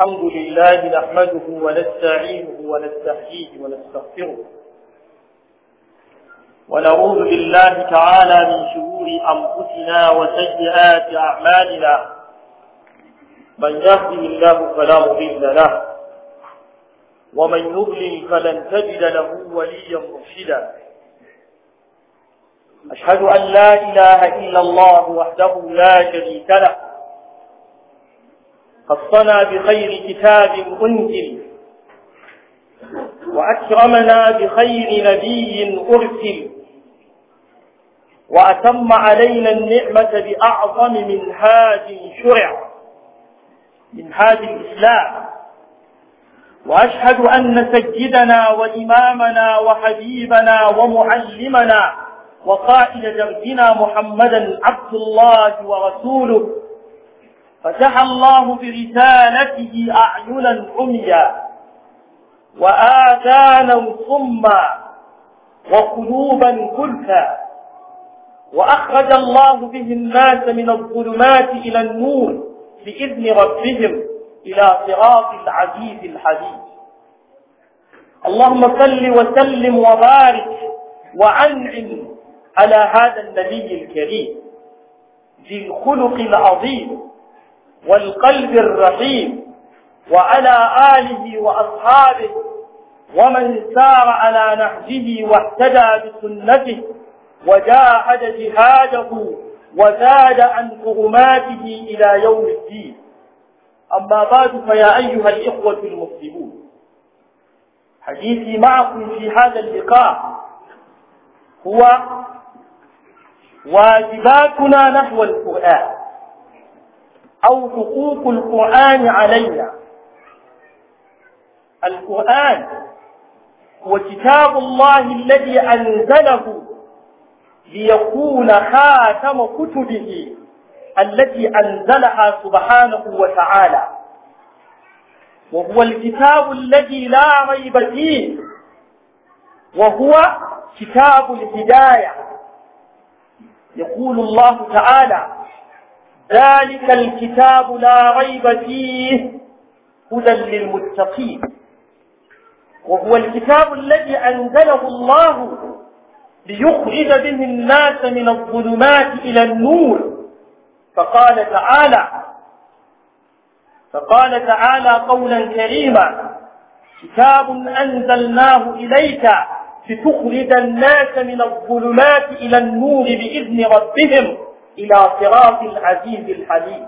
الحمد لله نحمده ونستعينه ونستحييه ونستغفره ونعوذ بالله تعالى من شرور أنفسنا وسيئات أعمالنا من يهده الله فلا مضل له ومن يضلل فلن تجد له وليا مرشدا أشهد أن لا إله إلا الله وحده لا شريك له خصنا بخير كتاب أنزل وأكرمنا بخير نبي أرسل وأتم علينا النعمة بأعظم منهاج شرع منهاج الإسلام وأشهد أن سيدنا وإمامنا وحبيبنا ومعلمنا وقائد دربنا محمدا عبد الله ورسوله فتح الله برسالته أعينا عميا وآذانا صما وقلوبا كلفا وأخرج الله به الناس من الظلمات إلى النور بإذن ربهم إلى صراط العزيز الحديد اللهم صل وسلم وبارك وأنعم على هذا النبي الكريم ذي الخلق العظيم والقلب الرحيم وعلى آله وأصحابه ومن سار على نهجه واهتدى بسنته وجاهد جهاده وزاد عن حرماته إلى يوم الدين أما بعد فيا أيها الإخوة المسلمون حديثي معكم في هذا اللقاء هو واجباتنا نحو القرآن أو حقوق القرآن علينا القرآن كتاب الله الذي أنزله ليكون خاتم كتبه التي أنزلها سبحانه وتعالى وهو الكتاب الذي لا ريب فيه وهو كتاب الهداية يقول الله تعالى ذلك الكتاب لا ريب فيه هدى للمتقين وهو الكتاب الذي أنزله الله ليخرج به الناس من الظلمات إلى النور فقال تعالى فقال تعالى قولا كريما كتاب أنزلناه إليك لتخرج الناس من الظلمات إلى النور بإذن ربهم إلى صراط العزيز الحليم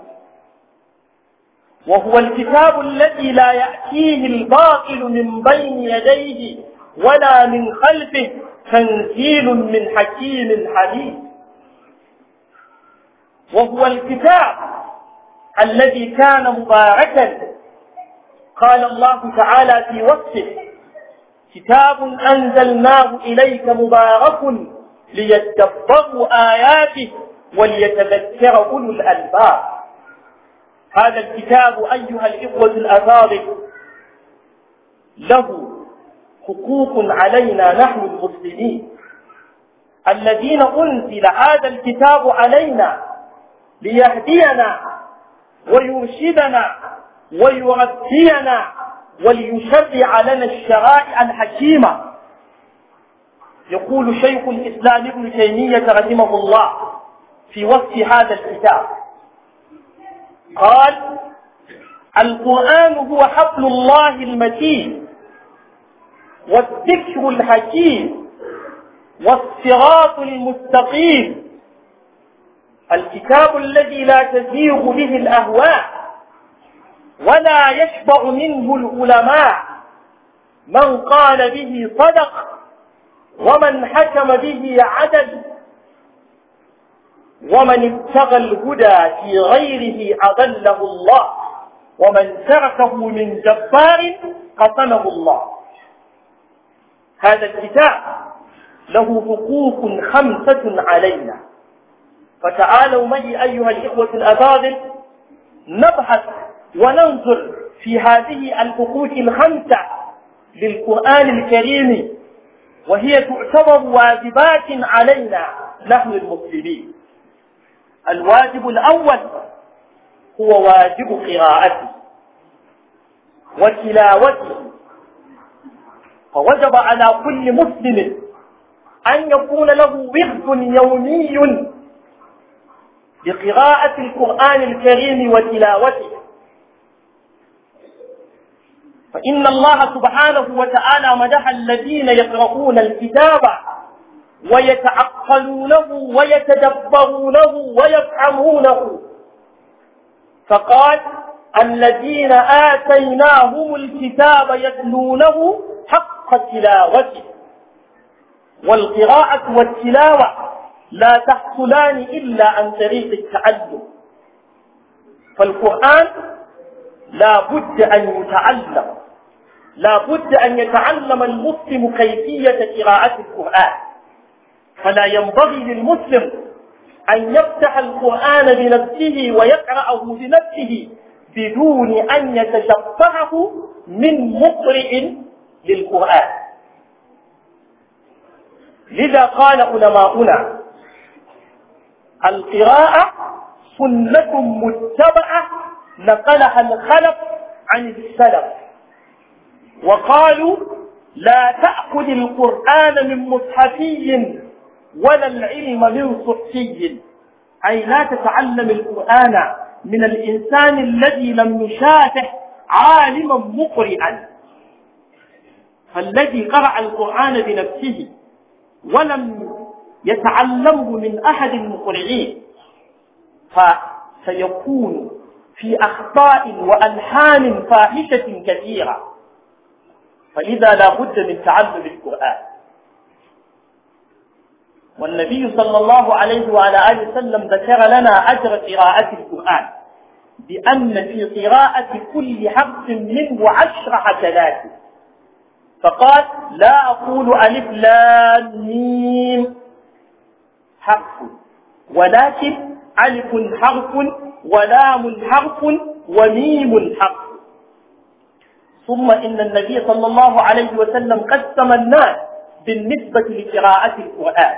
وهو الكتاب الذي لا يأتيه الباطل من بين يديه ولا من خلفه تنزيل من حكيم حليم وهو الكتاب الذي كان مباركا قال الله تعالى في وصفه كتاب أنزلناه إليك مبارك ليتدبروا آياته وليتذكر أولو الألباب هذا الكتاب أيها الإخوة الأفاضل له حقوق علينا نحن المسلمين الذين أنزل هذا الكتاب علينا ليهدينا ويرشدنا ويربينا وليشرع لنا الشرائع الحكيمة يقول شيخ الإسلام ابن تيمية رحمه الله في وصف هذا الكتاب قال القرآن هو حبل الله المتين والذكر الحكيم والصراط المستقيم الكتاب الذي لا تزيغ به الأهواء ولا يشبع منه العلماء من قال به صدق ومن حكم به عدد ومن ابتغى الهدى في غيره أضله الله ومن تركه من جبار قسمه الله هذا الكتاب له حقوق خمسة علينا فتعالوا معي أيها الإخوة الأفاضل نبحث وننظر في هذه الحقوق الخمسة للقرآن الكريم وهي تعتبر واجبات علينا نحن المسلمين الواجب الأول هو واجب قراءته وتلاوته فوجب على كل مسلم أن يكون له ورد يومي بقراءة القرآن الكريم وتلاوته فإن الله سبحانه وتعالى مدح الذين يقرؤون الكتاب ويتعقلونه ويتدبرونه ويفهمونه فقال الذين آتيناهم الكتاب يتلونه حق تلاوته والقراءة والتلاوة لا تحصلان إلا عن طريق التعلم فالقرآن لا بد أن يتعلم لا بد أن يتعلم المسلم كيفية قراءة القرآن فلا ينبغي للمسلم أن يفتح القرآن بنفسه ويقرأه بنفسه بدون أن يتشفعه من مقرئ للقرآن لذا قال علماؤنا القراءة سنة متبعة نقلها الخلف عن السلف وقالوا لا تأخذ القرآن من مصحفي ولا العلم من صحي أي لا تتعلم القرآن من الإنسان الذي لم يشاهده عالما مقرئا فالذي قرأ القرآن بنفسه ولم يتعلمه من أحد المقرئين فسيكون في أخطاء وألحان فاحشة كثيرة فلذا لا بد من تعلم القرآن والنبي صلى الله عليه وعلى آله وسلم ذكر لنا أجر قراءة القرآن بأن في قراءة كل حرف منه عشر حسنات فقال لا أقول ألف لام ميم حرف ولكن ألف حرف ولام حرف وميم حرف ثم إن النبي صلى الله عليه وسلم قسم الناس بالنسبة لقراءة القرآن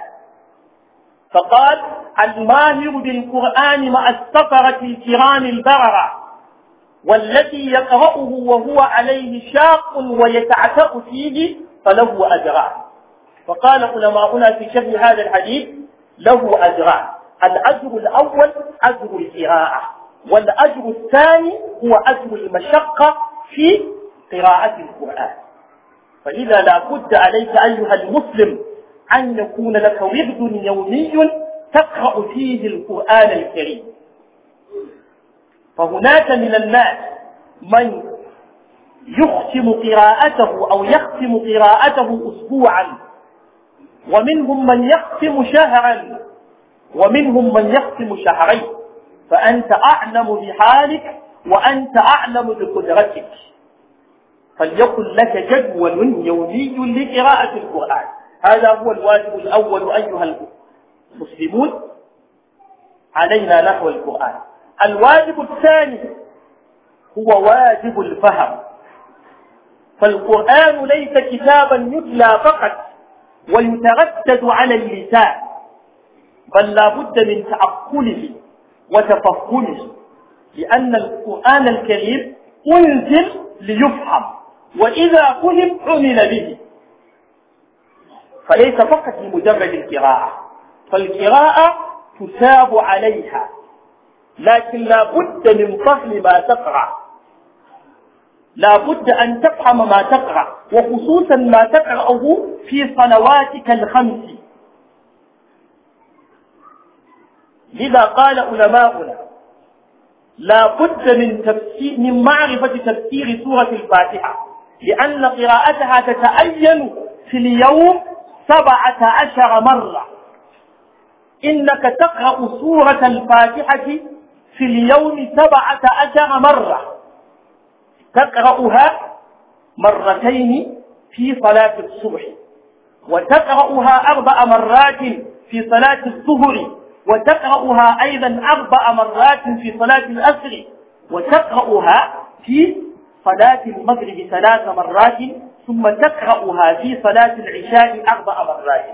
فقال الماهر بالقرآن مع السفرة الكرام البررة والذي يقرأه وهو عليه شاق ويتعتأ فيه فله أجران فقال علماؤنا في شرح هذا الحديث له أجران الأجر الأول أجر القراءة والأجر الثاني هو أجر المشقة في قراءة القرآن فإذا لا بد عليك أيها المسلم أن يكون لك ورد يومي تقرأ فيه القرآن الكريم فهناك من الناس من يختم قراءته أو يختم قراءته أسبوعا ومنهم من يختم شهرا ومنهم من يختم شهرين فأنت أعلم بحالك وأنت أعلم بقدرتك فليكن لك جدول يومي لقراءة القرآن هذا هو الواجب الأول أيها المسلمون علينا نحو القرآن الواجب الثاني هو واجب الفهم فالقرآن ليس كتابا يتلى فقط ويتردد على اللسان بل لا بد من تعقله وتفهمه لأن القرآن الكريم أنزل ليفهم وإذا فهم عمل به فليس فقط لمجرد القراءة فالقراءة تثاب عليها لكن لا بد من فهم ما تقرأ لا بد أن تفهم ما تقرأ وخصوصا ما تقرأه في صلواتك الخمس لذا قال علماؤنا لا بد من, من معرفة تفسير سورة الفاتحة لأن قراءتها تتأين في اليوم سبعة عشر مرة إنك تقرأ سورة الفاتحة في اليوم سبعة عشر مرة تقرأها مرتين في صلاة الصبح وتقرأها أربع مرات في صلاة الظهر وتقرأها أيضا أربع مرات في صلاة الأسر وتقرأها في صلاة المغرب ثلاث مرات ثم تقرأها في صلاة العشاء أربع مرات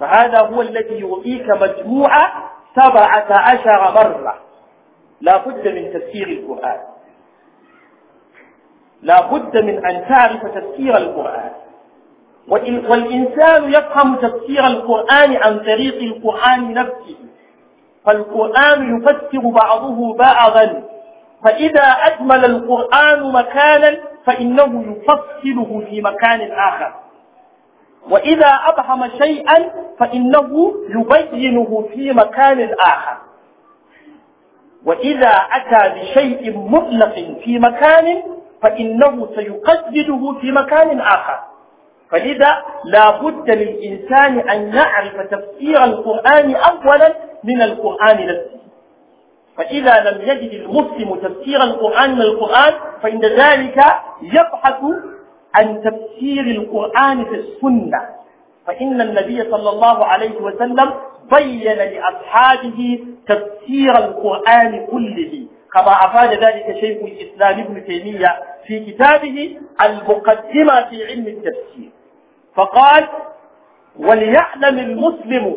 فهذا هو الذي يعطيك مجموعة سبعة عشر مرة لا بد من تفسير القرآن لا بد من أن تعرف تفسير القرآن والإنسان يفهم تفسير القرآن عن طريق القرآن نفسه فالقرآن يفسر بعضه بعضا فإذا أجمل القرآن مكانا فإنه يفصله في مكان آخر وإذا أبهم شيئا فإنه يبينه في مكان آخر وإذا أتى بشيء مطلق في مكان فإنه سيقدده في مكان آخر فلذا لا بد للإنسان أن يعرف تفسير القرآن أولا من القرآن نفسه فإذا لم يجد المسلم تفسير القرآن من القرآن فإن ذلك يبحث عن تفسير القرآن في السنة فإن النبي صلى الله عليه وسلم بين لأصحابه تفسير القرآن كله كما أفاد ذلك شيخ الإسلام ابن تيمية في كتابه المقدمة في علم التفسير فقال وليعلم المسلم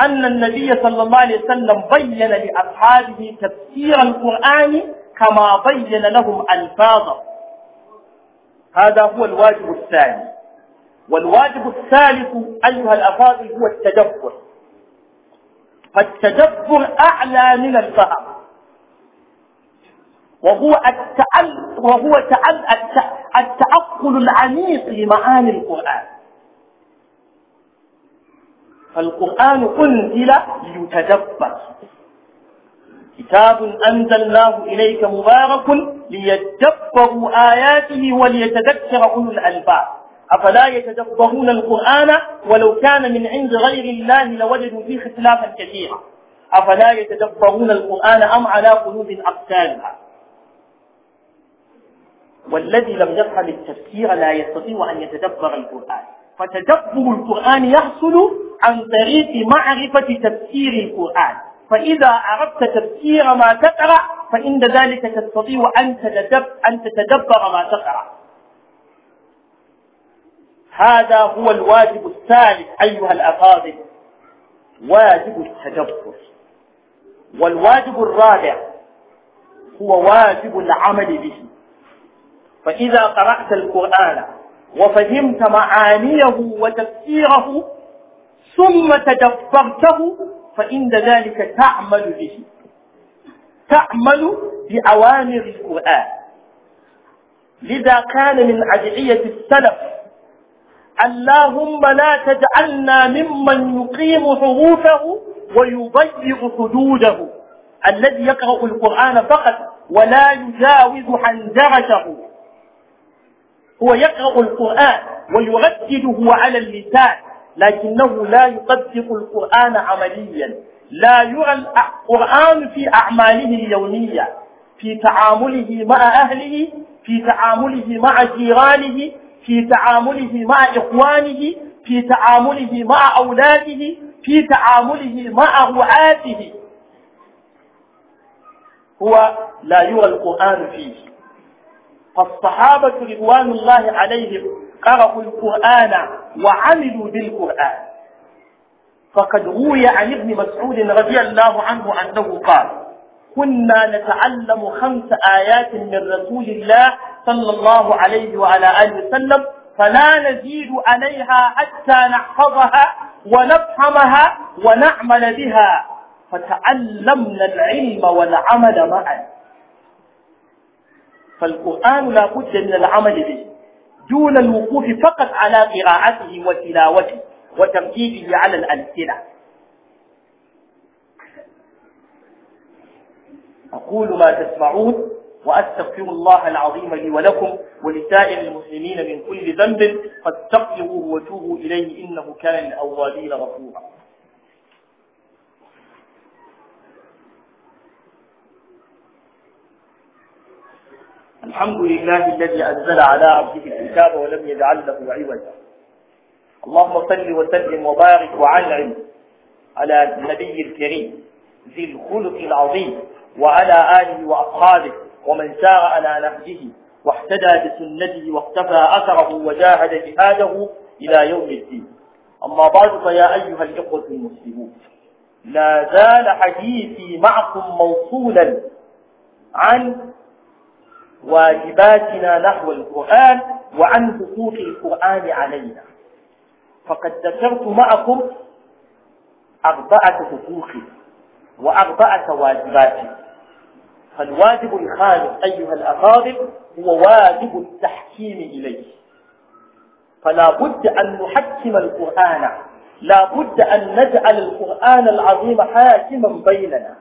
أن النبي صلى الله عليه وسلم بين لأصحابه تفسير القرآن كما بين لهم ألفاظه هذا هو الواجب الثاني والواجب الثالث أيها الأفاضل هو التدبر فالتدبر أعلى من الفهم وهو التأل وهو التأقل العميق لمعاني القرآن فالقرآن أنزل ليتدبر كتاب أنزلناه إليك مبارك ليتدبروا آياته وليتذكر أولو الألباب أفلا يتدبرون القرآن ولو كان من عند غير الله لوجدوا فيه اختلافا كثيرا أفلا يتدبرون القرآن أم على قلوب أقسامها والذي لم يفهم التفكير لا يستطيع أن يتدبر القرآن فتدبر القرآن يحصل عن طريق معرفة تفسير القرآن فإذا أردت تفسير ما تقرأ فإن ذلك تستطيع أن تتدبر, أن تتدبر ما تقرأ هذا هو الواجب الثالث أيها الأفاضل واجب التدبر والواجب الرابع هو واجب العمل به فإذا قرأت القرآن وفهمت معانيه وتفسيره ثم تدبرته فإن ذلك تعمل به تعمل بأوامر القرآن لذا كان من أدعية السلف اللهم لا تجعلنا ممن يقيم حروفه ويضيق حدوده الذي يقرأ القرآن فقط ولا يجاوز حنجرته هو يقرأ القرآن ويردده على اللسان لكنه لا يطبق القرآن عمليا لا يرى القرآن في أعماله اليومية في تعامله مع أهله في تعامله مع جيرانه في تعامله مع إخوانه في تعامله مع أولاده في تعامله مع رعاته هو لا يرى القرآن فيه فالصحابة رضوان الله عليهم قرأوا القرآن وعملوا بالقرآن فقد روي عن ابن مسعود رضي الله عنه أنه قال كنا نتعلم خمس آيات من رسول الله صلى الله عليه وعلى آله وسلم فلا نزيد عليها حتى نحفظها ونفهمها ونعمل بها فتعلمنا العلم والعمل معا فالقرآن لا بد من العمل به دون الوقوف فقط على قراءته وتلاوته وتركيبه على الألسنة أقول ما تسمعون وأستغفر الله العظيم لي ولكم ولسائر المسلمين من كل ذنب فاستغفروه وتوبوا إليه إنه كان للأوابين غفورا الحمد لله الذي أنزل على عبده الكتاب ولم يجعل له عوجا اللهم صل وسلم وبارك وعنعم على النبي الكريم ذي الخلق العظيم وعلى آله وأصحابه ومن سار على نهجه واحتدى بسنته واقتفى أثره وجاهد جهاده إلى يوم الدين أما بعد فيا أيها الإخوة المسلمون لا زال حديثي معكم موصولا عن واجباتنا نحو القرآن وعن حقوق القرآن علينا فقد ذكرت معكم أربعة حقوق وأربعة واجبات فالواجب الخامس أيها الأفاضل هو واجب التحكيم إليه فلا بد أن نحكم القرآن لا بد أن نجعل القرآن العظيم حاكما بيننا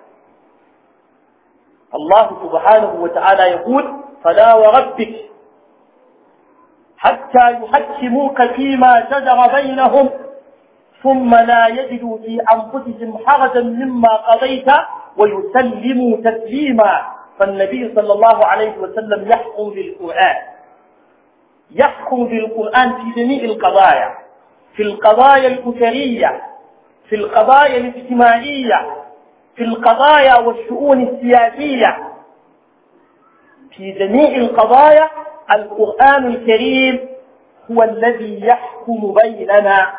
الله سبحانه وتعالى يقول فلا وربك حتى يحكموك فيما شجر بينهم ثم لا يجدوا في أنفسهم حرجا مما قضيت ويسلموا تسليما فالنبي صلى الله عليه وسلم يحكم بالقرآن يحكم بالقرآن في جميع القضايا في القضايا الأسرية في القضايا الاجتماعية في القضايا والشؤون السياسية في جميع القضايا القرآن الكريم هو الذي يحكم بيننا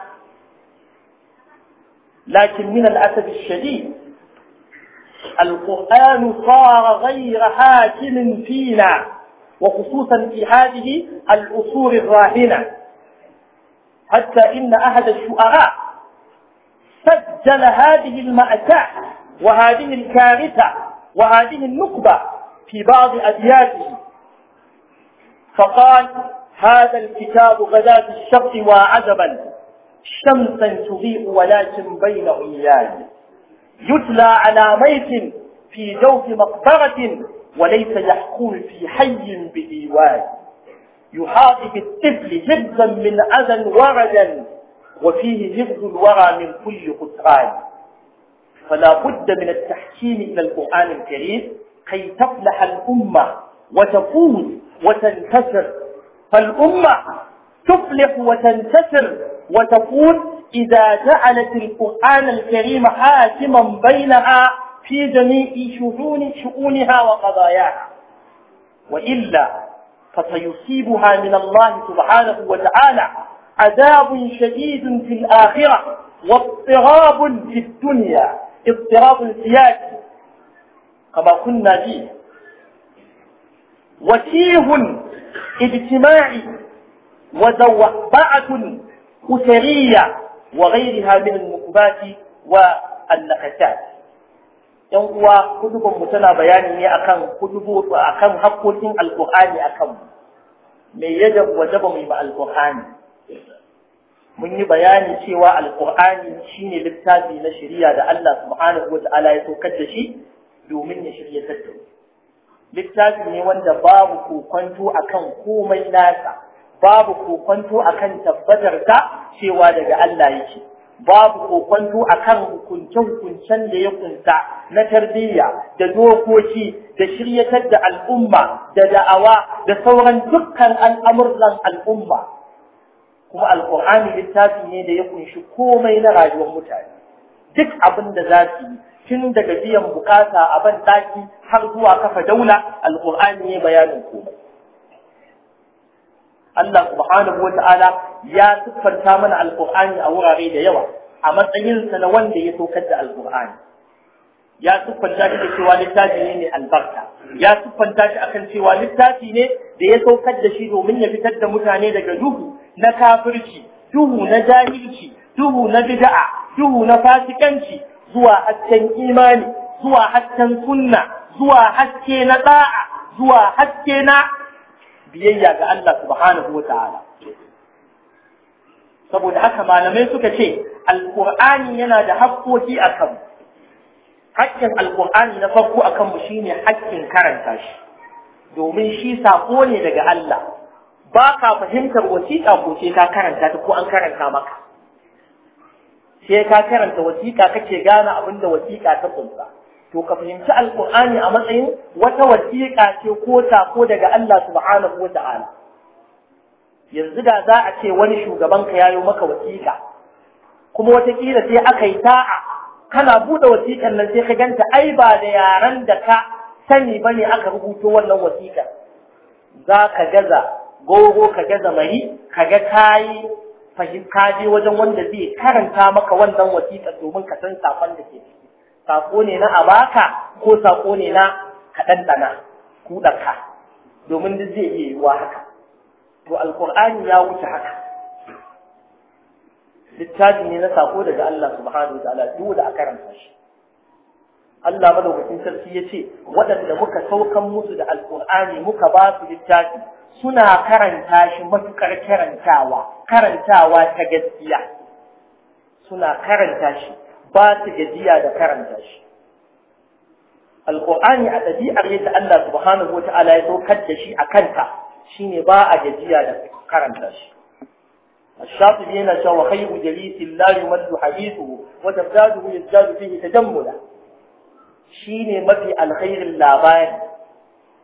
لكن من الأسف الشديد القرآن صار غير حاكم فينا وخصوصا في هذه الأصول الراهنة حتى إن أحد الشعراء سجل هذه المأساة وهذه الكارثة وهذه النقبة في بعض أبياته فقال هذا الكتاب غداة الشرق وعذبا شمسا تضيء ولكن بين عميان يتلى على ميت في جوف مقبرة وليس يحقون في حي بإيوان يحاط بالطفل حفظا من أذى وردا وفيه حفظ الورى من كل خسران فلا بد من التحكيم إلى القرآن الكريم كي تفلح الأمة وتفوز وتنتصر فالأمة تفلح وتنتصر وتفوز إذا جعلت القرآن الكريم حاكما بينها في جميع شؤون شؤونها وقضاياها وإلا فسيصيبها من الله سبحانه وتعالى عذاب شديد في الآخرة واضطراب في الدنيا اضطراب سياسي كما كنا فيه وتيه اجتماعي وزوبعة أسرية وغيرها من النكبات والنقشات yan uwa kudubin mu tana bayani ne akan kudubu akan hakkokin alqur'ani akan me ya wajaba mu ba alqur'ani mun yi bayani cewa alqur'ani shine littafi na shari'a da Allah subhanahu wa ta'ala ya sokar da shi domin ya shirya da littafi ne wanda babu kokonto akan komai nasa babu kokonto akan tabbatar ta cewa daga Allah yake babu kokonto akan hukunce-hukuncen da ya kunta na tarbiyya da dokoki da shiryatar da al'umma da da'awa da sauran dukkan al'amuran al'umma kuma alkur'ani littafi ne da ya kunshi komai na rayuwar mutane duk abin da za su yi tun daga biyan bukata a ban daki har zuwa kafa daula alkur'ani ne bayanin komai Allah subhanahu wata'ala ya siffanta mana alkur'ani a wurare da yawa a matsayin sa na wanda ya saukar da alqur'ani ya siffanta shi da cewa littafi ne mai albarka ya siffanta shi akan cewa littafi ne da ya saukar da shi domin ya fitar da mutane daga duhu na kafirci duhu na jahilci duhu na bid'a duhu na fasikanci zuwa hasken imani zuwa hasken sunna zuwa haske na da'a zuwa haske na biyayya ga Allah subhanahu Ta'ala. saboda haka malamai suka ce alqur'ani yana da hakkoki akan hakkin alqur'ani na farko akan mu shine hakkin karanta shi domin shi sako ne daga Allah ba ka fahimtar wasiƙa ko sai ka karanta ta ko an karanta maka sai ka karanta wasiƙa kake gane abin da wasiƙa ta kunsa to ka fahimci alqur'ani a matsayin wata wasiƙa ce ko ta ko daga Allah subhanahu wa ta'ala yanzu da za a ce wani shugaban ka yayo maka wasiƙa kuma wataƙila sai aka yi ta'a kana buɗe wasiƙar nan sai ka ganta ai ba da yaran da ka sani bane aka rubuto wannan wasiƙar za ka gaza gogo ka gaza mari ka ga kayi fahim je wajen wanda zai karanta maka wannan wasiƙa domin ka san sakon da ke ciki sako ne na abaka ko sako ne na kaɗan dana kuɗaka domin duk zai iya yiwuwa haka to alƙur'ani ya wuce haka littafi ne na sako daga Allah subhanahu wa ta'ala duk da aka ranta shi Allah madaukakin sarki yace waɗanda muka saukan musu da alqur'ani muka ba su littafi suna karanta shi matukar karantawa karantawa ta gaskiya suna karanta shi ba su gajiya da karanta shi alqur'ani a ɗabi'ar yadda Allah subhanahu wataala ya saukar da shi a kanta shine ba a gajiya da karanta shi الشاطبي هنا شو خير جليس لا يمل حديثه وتبداده يزداد فيه تجملا Shi ne mafi alkhairin labari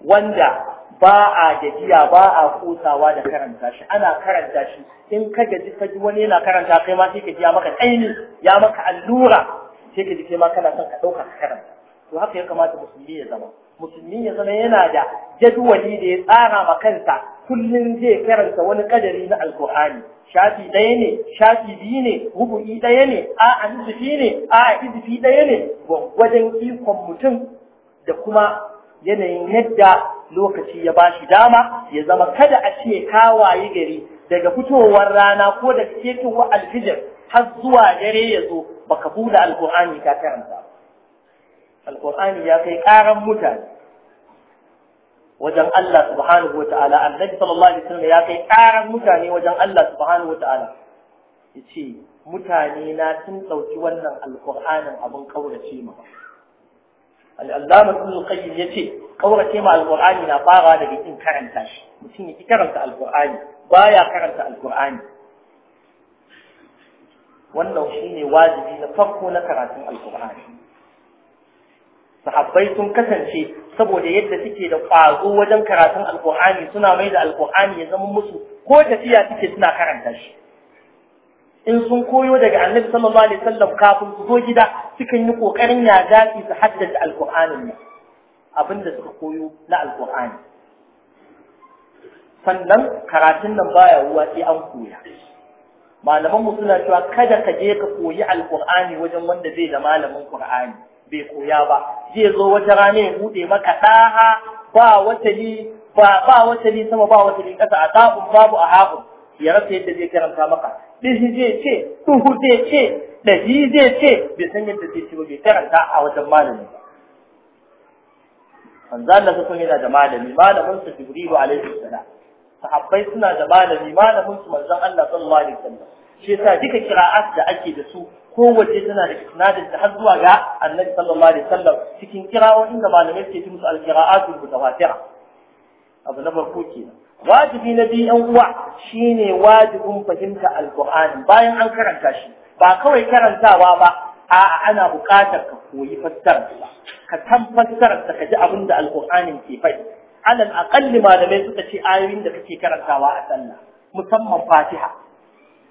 wanda ba a gajiya ba a kosawa da karanta shi ana karanta shi in ka gaji ka ji wani yana karanta kai ma sai ka ji ya maka aini, ya maka allura sai ka ji kai ma kana son ka ɗauka ka karanta to haka ya kamata musulmi ya zama musulmi ya zama yana da jadwali da ya tsara ma kansa kullum zai karanta wani kadari na alkur'ani shafi ɗaya ne shafi biyu ne rubu'i ɗaya ne a a nufi ne a a ɗaya ne wajen ikon mutum da kuma yanayin yadda lokaci ya ba shi dama ya zama kada a ce kawaye gari daga fitowar rana ko da ketowar alfijir har zuwa dare ya zo baka buɗe alkur'ani ka karanta ba. alqur'ani ya kai ƙaran mutane wajen Allah subhanahu wataala annabi sallallahu alaihi wasallam ya kai ƙaran mutane wajen Allah subhanahu wataala yace mutane na sun dauki wannan alqur'anin abun kaurace ma al'allama sun kayyar ya ce ƙaurace ma alƙur'ani na fara daga kin karanta shi mutum ya ki karanta alƙur'ani ba ya karanta alƙur'ani wannan shi ne wajibi na farko na karatun alƙur'ani sahabbai sun kasance saboda yadda suke da ƙwazo wajen karatun alƙur'ani suna mai da alƙur'ani ya zama musu ko tafiya suke suna karanta shi in sun koyo daga annabi sallallahu alaihi wasallam kafin su zo gida sukan yi kokarin ya zafi su haddace alƙur'anin ne da suka koyo na alƙur'ani sannan karatun nan baya ruwa sai an koya malaman mu suna cewa kada ka je ka koyi alƙur'ani wajen wanda zai da malamin ƙur'ani bai koya ba zai zo wata rana ya bude maka ɗaha ba ni ba ba watali sama ba ni ƙasa a tsafin babu a haɓun ya rasa yadda zai karanta maka ɗihi zai ce ɗuhu zai ce ɗahi zai ce bai san yadda zai ce ba bai karanta a wajen malami ba manzo sun yana da malami malamin su jibrilu alaihi salam sahabbai suna da malami malamin su manzon Allah sallallahu alaihi wasallam shi yasa duka kira'at da ake da su kowace tana da isnadin ta har zuwa ga annabi sallallahu alaihi wasallam cikin kirawoyin inda malamai suke ci musu alqira'atul mutawatira abu na farko kenan wajibi na biyu yan uwa shine wajibin fahimta alqur'ani bayan an karanta shi ba kawai karantawa ba a'a ana buƙatar ka koyi fassarar ka tabbatar da kaji abin da alqur'anin ke faɗi alal aqalli malamai suka ce ayoyin da kake karantawa a sallah musamman fatiha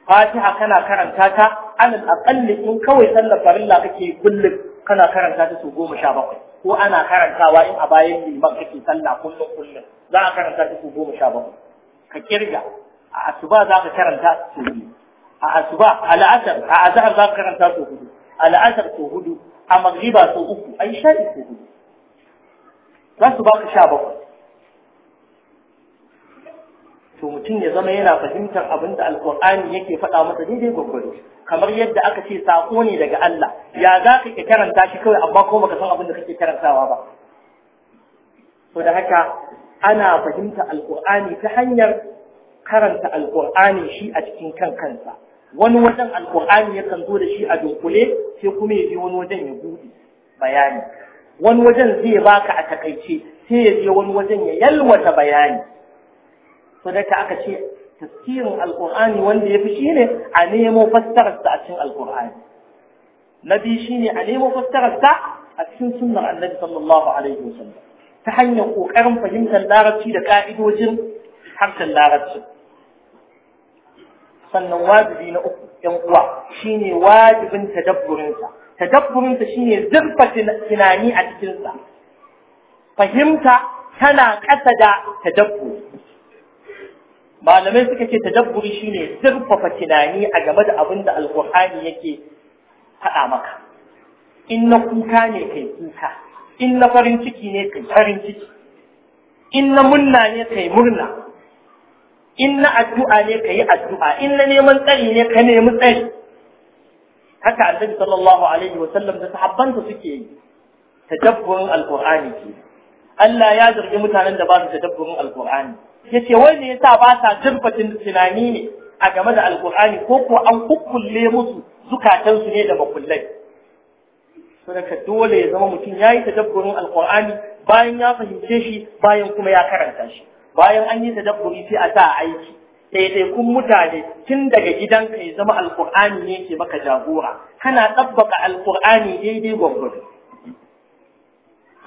fatiha kana karanta ta alal aqalli in kawai sallar farilla kake kullum kana karanta ta sau goma sha bakwai ko ana karantawa in a bayan liman kake sallah kullum kullum za a karanta ta sau goma sha bakwai ka kirga a asuba za ka karanta sau biyu a asuba a la'asar a azhar za ka karanta sau hudu a la'asar sau hudu a magriba sau uku a isha'i sau hudu za su ba ka sha bakwai to mutum ya zama yana fahimtar abin da alkur'ani yake faɗa masa daidai gwaggwado kamar yadda aka ce sako ne daga Allah ya za ka ke karanta shi kawai amma ko baka san abin da kake karantawa ba to da haka ana fahimta alkur'ani ta hanyar karanta alkur'ani shi a cikin kan kansa wani wajen alkur'ani yakan zo da shi a dunkule sai kuma ya je wani wajen ya buɗe bayani wani wajen zai baka a takaice sai ya je wani wajen ya yalwata bayani sadaka aka ce tafsirin Alƙur'ani wanda yafi shine a nemo fassarar sa a cikin alqur'ani nabi shine a nemo fassarar a cikin sunnar annabi sallallahu alaihi wasallam ta hanyar ƙoƙarin fahimtar larabci da ƙa'idojin harshen larabci sannan wajibi na uku yan uwa ne wajibin tadabburin sa tadabburin sa shine zurfa tunani a cikin sa fahimta tana ƙasa da tadabbur malamai suka ce tadabburi shine zurfafa tunani a game da abin da alqur'ani yake faɗa maka in na kuka ne kai kuka in na farin ciki ne kai farin ciki in na munna ne kai murna in na addu'a ne ka yi addu'a in na neman tsari ne ka nemi tsari haka annabi sallallahu alaihi wa sallam da sahabbanta suke yi tadabburin alqur'ani ke Allah ya zargi mutanen da ba su tadabburin alqur'ani yace wai ya yasa ba sa jirfatin tunani ne a game da alqur'ani ko ko an kukkulle musu zukatan ne da makullai to dole ya zama mutum yayi tadabburin alqur'ani bayan ya fahimce shi bayan kuma ya karanta shi bayan an yi tadabburi sai a sa aiki kun mutane tun daga gidanka ya zama alkur'ani ne ke maka jagora kana ɗabbaka alkur'ani daidai gwangwado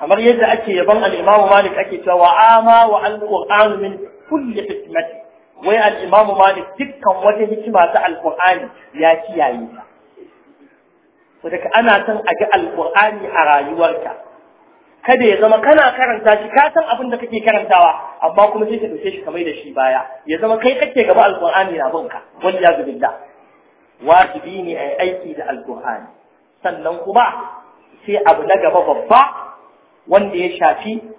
kamar yadda ake yaban al-imamu malik ake cewa wa ama wa alkur'anu min kulli hikmati wai al-Imam Malik dukkan wata hikima ta al ya kiyaye ta saboda ana son a ga al a rayuwarka kada ya zama kana karanta shi ka san abin da kake karantawa amma kuma sai ka dauke shi kamar da shi baya ya zama kai kake gaba Al-Qur'ani na banka wanda ya zubilla wajibi ne ai aiki da al sannan kuma sai abu na gaba babba wanda ya shafi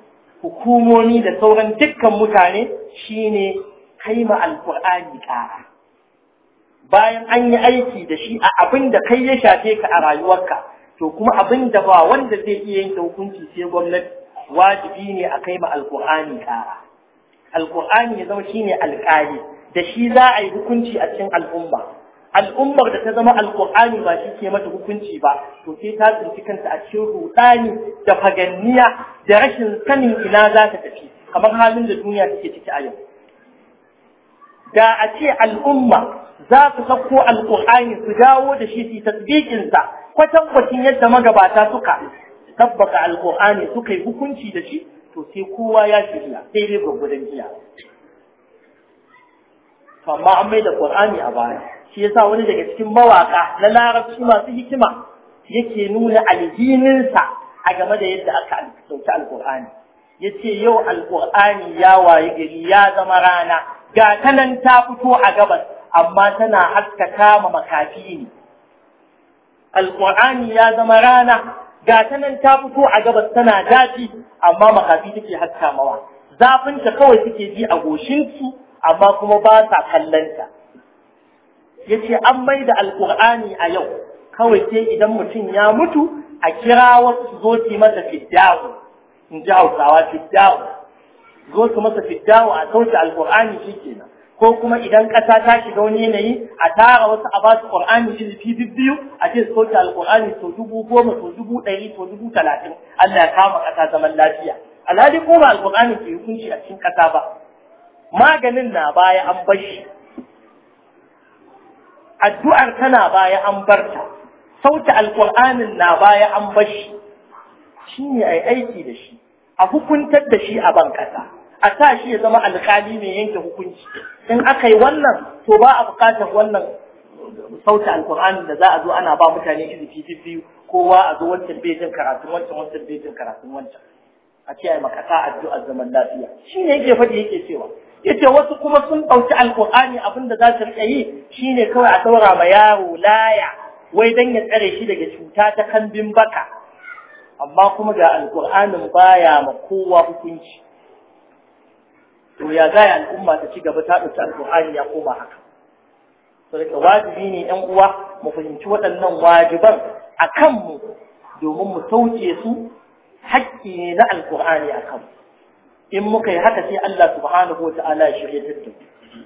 hukumomi da sauran dukkan mutane shine kaima alkur'ani ƙara bayan an yi aiki da shi a abin da kai ya shafe ka a rayuwarka to kuma abin da ba wanda zai iya yin hukunci sai gwamnati wajibi ne a kai ma alkur'ani kara alkur'ani ya zama shine alƙali da shi za a yi hukunci a cikin al'umma al'ummar da ta zama alƙur'ani ba shi ke mata hukunci ba to sai ta tsinci kanta a cikin rudani da faganniya da rashin sanin ina za ta tafi kamar halin da duniya take ciki a yau da a ce al'umma za su sako alƙur'ani su dawo da shi su tasbiqin sa kwatin yadda magabata suka tabbaka alƙur'ani suka yi hukunci da shi to sai kowa ya shirya sai dai gwagwadon jiya amma an mai da ƙur'ani a baya shi yasa wani daga cikin mawaka na larabci masu hikima yake nuna alhininsa a game da yadda aka sauki alkur'ani ya ce yau alkur'ani ya waye gari ya zama rana ga tanan ta fito a gabas amma tana haskaka ma makafi ne ya zama rana ga kanan ta fito a gabas tana daji amma makafi take haskamawa zafinta kawai suke ji a goshinsu amma kuma ba sa kallonta yace an maida alqur'ani a yau kawai sai idan mutum ya mutu a kira wasu zo masa fiddawo in ji hausawa fiddawo zo ki masa fiddawo a sauke alqur'ani kenan, ko kuma idan ƙasa ta shiga wani yanayi a tara wasu a basu ƙur'ani ilifi biyu a ce su soke alƙur'ani to dubu goma to dubu ɗari to dubu talatin Allah ya kama ƙasa zaman lafiya alhali ko ba alƙur'ani ke hukunci a cikin ƙasa ba maganin na baya an bar shi addu'ar tana baya an barta sauta alƙur'anin na baya an bashi shi ne a aiki da shi a hukuntar da shi a ban ƙasa a sa shi ya zama alƙali mai yanke hukunci in aka yi wannan to ba a buƙatar wannan sauta alƙur'anin da za a zo ana ba mutane izifi biyu kowa a zo wancan bejin karatun wancan wancan bejin karatun wancan a ce ai makasa addu'ar zaman lafiya shi ne yake faɗi yake cewa yace wasu kuma sun ɗauki alqur'ani abin da za su yi shine kawai a ɗaura ma yaro laya wai dan ya tsare shi daga cuta ta kambin baka amma kuma ga alƙur'anin baya ma kowa hukunci to ya za al'umma ta ci gaba ta ɗauki alqur'ani ya koma haka to da wajibi ne ƴan uwa mu fahimci waɗannan wajiban a kanmu domin mu sauke su hakki ne na alqur'ani a kanmu in muka yi haka sai Allah subhanahu wa ta'ala ya shirye da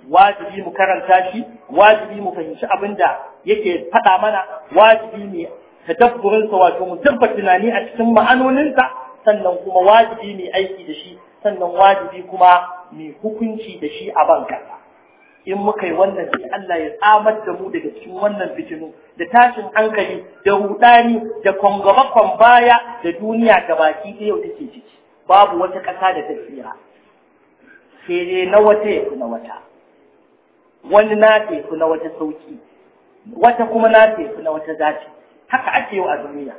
wajibi mu karanta shi wajibi mu fahimci abin da yake faɗa mana wajibi ne tadabburinsa wato mu tabba tunani a cikin ma'anoninsa sannan kuma wajibi ne aiki da shi sannan wajibi kuma mai hukunci da shi a banka. in muka yi wannan sai Allah ya tsamar da mu daga cikin wannan fitinu da tashin hankali da rudani da kwangaba baya da duniya gabaki ɗaya take ciki babu wata ƙasa da ta tsira sai dai na wata ya fi na wata wani na ta fi na wata sauki wata kuma na ta fi na wata zaci haka ake yau a duniya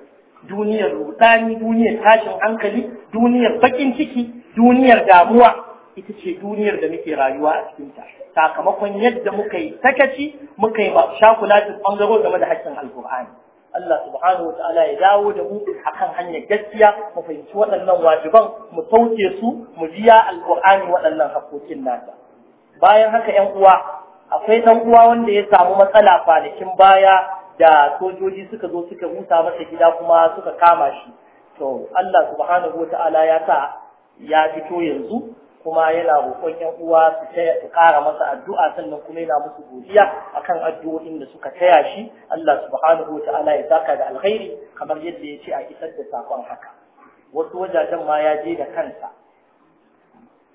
duniyar rudani duniyar tashin hankali duniyar bakin ciki duniyar damuwa ita ce duniyar da muke rayuwa a cikinta sakamakon yadda muka yi sakaci muka yi shakulatin ɓangaro game da haƙƙin alkur'ani Allah subhanahu wataala ya dawo da mu a kan hanyar gaskiya mu fahimci waɗannan wajiban mu sauke su mu biya alƙur'ani waɗannan hakokin nata bayan haka ƴan uwa akwai ɗan uwa wanda ya samu matsala kwanakin baya da sojoji suka zo suka rusa masa gida kuma suka kama shi to Allah subhanahu wataala ya sa ya fito yanzu kuma yana roƙon ƴan uwa su taya su ƙara masa addu'a sannan kuma yana musu godiya akan addu'o'in da suka taya shi Allah subhanahu wa ta'ala ya saka da alkhairi kamar yadda ya ce a isar da sakon haka wasu wajajen ma ya je da kansa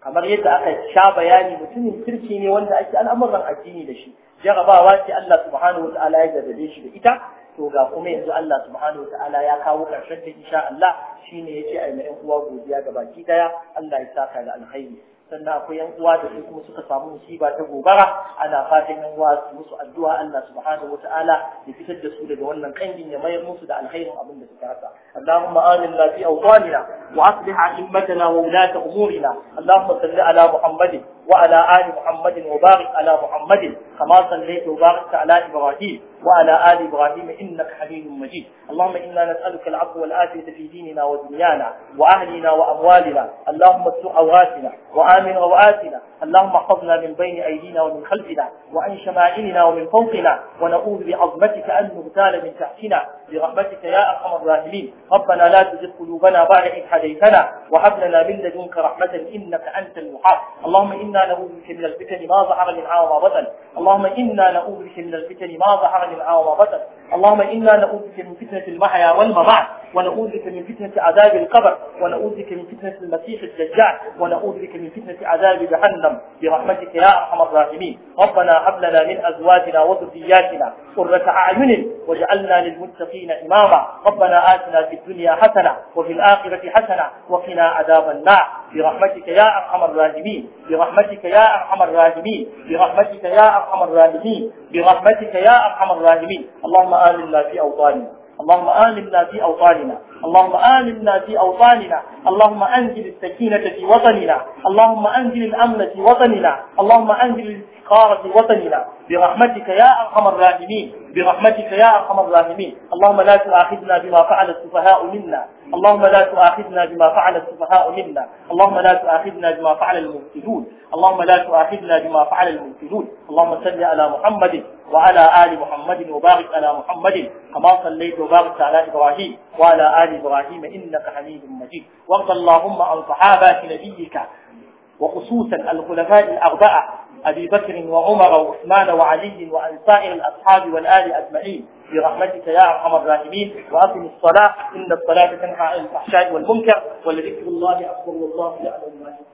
kamar yadda aka sha bayani mutumin kirki ne wanda ake al'amuran addini da shi jarabawa ce Allah subhanahu wa ta'ala ya gazabe shi da ita to ga kuma yanzu Allah subhanahu wataala ya kawo karshen da insha Allah shine yace ai mai uwa godiya ga baki daya Allah ya saka da alkhairi sannan akwai yan uwa da su kuma suka samu musiba ta gobara ana fatan yan uwa su musu addu'a Allah subhanahu ta'ala. ya fitar da su daga wannan kangin ya mayar musu da alkhairin abin da suka rasa اللهم آمنا في أوطاننا وأصلح أئمتنا وولاة أمورنا اللهم صل على محمد وعلى آل محمد وبارك على محمد كما صليت وباركت على إبراهيم وعلى آل إبراهيم إنك حميد مجيد اللهم إنا نسألك العفو والآفية في ديننا ودنيانا وأهلنا وأموالنا اللهم استر عوراتنا وآمن روآتنا اللهم احفظنا من بين أيدينا ومن خلفنا وعن شمائلنا ومن فوقنا ونعوذ بعظمتك أن نغتال من تحتنا برحمتك يا أرحم الراحمين ربنا لا تزغ قلوبنا بعد إذ هديتنا وهب لنا من لدنك رحمة إنك أنت المحب اللهم إنا نعوذ بك من الفتن ما ظهر منها وما بطن اللهم إنا نعوذ بك من الفتن ما ظهر منها وما بطن اللهم إنا نعوذ بك من فتنة المحيا والممات ونعوذ بك من فتنة عذاب القبر ونعوذ بك من فتنة المسيح الدجال ونعوذ بك من فتنة عذاب جهنم برحمتك يا أرحم الراحمين ربنا هب لنا من أزواجنا وذرياتنا قرة أعين وجعلنا للمتقين إماما ربنا آتنا في الدنيا حسنة وفي الآخرة حسنة وقنا عذاب النار برحمتك يا أرحم الراحمين برحمتك يا أرحم الراحمين برحمتك يا أرحم الراحمين برحمتك يا أرحم الراحمين اللهم آمنا في أوطاننا اللهم آمنا في أوطاننا اللهم آمنا في أوطاننا اللهم أنزل السكينة في وطننا اللهم أنزل الأمن في وطننا اللهم أنزل الاستقرار في وطننا برحمتك يا أرحم الراحمين برحمتك يا أرحم الراحمين اللهم لا تؤاخذنا بما فعل السفهاء منا اللهم لا تؤاخذنا بما فعل السفهاء منا اللهم لا تؤاخذنا بما فعل المبتدون اللهم لا تؤاخذنا بما فعل المبتدون اللهم صل على محمد وعلى آل محمد وبارك على محمد كما صليت وباركت على إبراهيم وعلى آل إبراهيم إنك حميد مجيد وارض اللهم عن صحابة نبيك وخصوصا الخلفاء الأربعة أبي بكر وعمر وعثمان وعلي وعن سائر الأصحاب والآل أجمعين برحمتك يا أرحم الراحمين وأقم الصلاة إن الصلاة تنهى عن الفحشاء والمنكر ولذكر الله أكبر والله يعلم ما